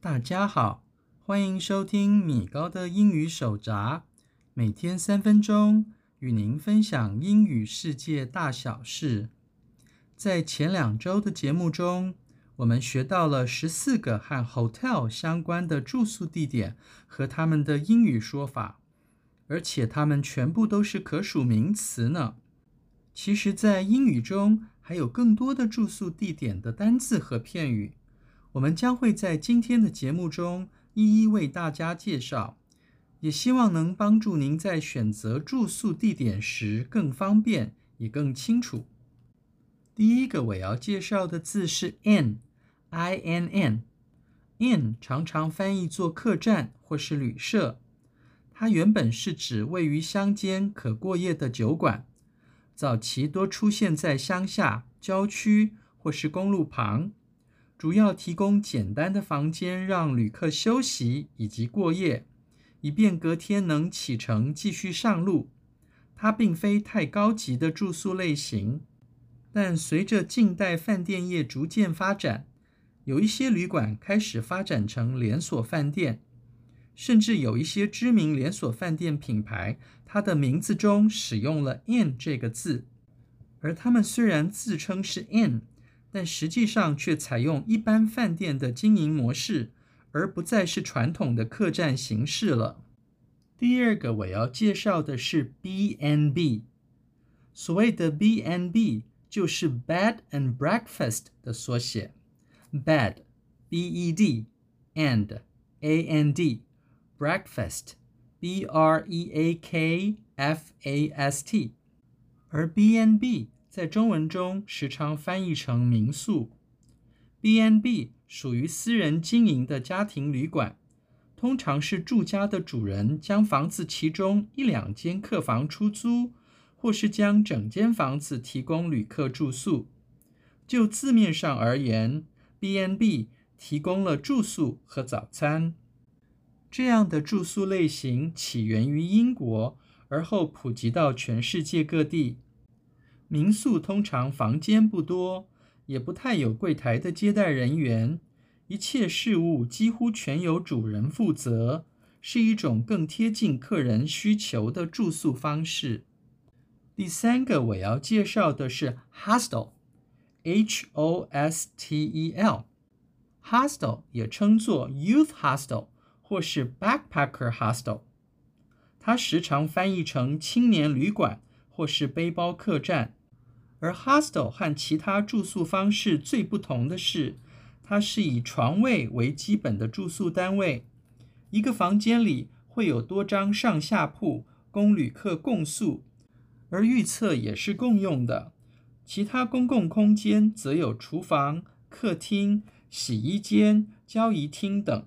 大家好，歡迎收聽米高的英語手札，每天三分鐘與您分享英語世界大小事。在前兩周的節目中，我們學到了十四個和 hotel 相關的住宿地點和他們的英語說法，而且他們全部都是可數名詞呢。其實，在英語中還有更多的住宿地點的單字和片語，我們將會在今天的節目中一一為大家介紹，也希望能幫助您在選擇住宿地點時更方便，也更清楚。第一個我要介紹的字是 inn，INN，inn 常常翻譯做客棧或是旅社，它原本是指位於鄉間可過夜的酒館。早期多出現在鄉下、郊區或是公路旁，主要提供簡單的房間讓旅客休息以及過夜，以便隔天能啟程繼續上路。它並非太高級的住宿類型，但隨着近代飯店業逐漸發展，有一些旅館開始發展成連鎖飯店。甚至有一些知名連鎖飯店品牌，它的名字中使用了 “in” 這個字，而他們雖然自稱是 “in”，但實際上卻採用一般飯店的經營模式，而不再是傳統的客棧形式了。第二個我要介紹的是 B&B，n 所謂的 B&B n 就是 “bed and breakfast” 的縮寫，“bad” b e d，“and” a n d。Breakfast，B R E A K F A S T，而 B N B 在中文中時常翻譯成民宿。B N B 屬於私人經營的家庭旅館，通常是住家的主人將房子其中一兩間客房出租，或是將整間房子提供旅客住宿。就字面上而言，B N B 提供了住宿和早餐。這樣的住宿類型起源於英國，而後普及到全世界各地。民宿通常房間不多，也不太有櫃台的接待人員，一切事務幾乎全由主人負責，是一種更貼近客人需求的住宿方式。第三個我要介紹的是 hostel，H-O-S-T-E-L，hostel -E、hostel 也稱作 youth hostel。或是 backpacker hostel，它時常翻譯成青年旅館或是背包客棧。而 hostel 和其他住宿方式最不同的是，它是以床位為基本的住宿單位，一個房間裡會有多張上下鋪供旅客共宿，而浴室也是共用的。其他公共空間則有廚房、客廳、洗衣間、交誼廳等。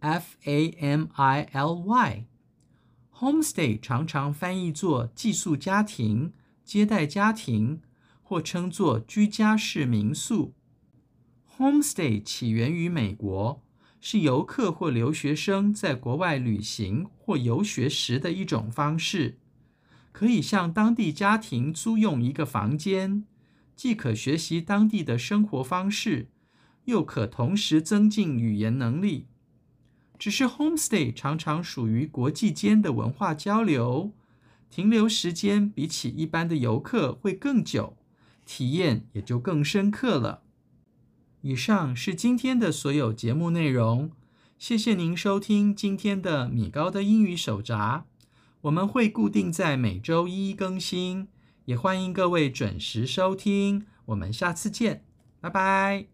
F-A-M-I-L-Y homestay 常常翻譯作寄宿家庭、接待家庭，或稱作居家式民宿。Homestay 起源於美國，是遊客或留學生在國外旅行或遊學時的一種方式，可以向當地家庭租用一個房間，既可學習當地的生活方式，又可同時增進語言能力。只是 homestay 常常屬於國際間的文化交流，停留時間比起一般的遊客會更久，體驗也就更深刻了。以上是今天的所有節目內容，謝謝您收聽今天的米高的英語手札。我們會固定在每周一一更新，也歡迎各位準時收聽。我們下次見，拜拜。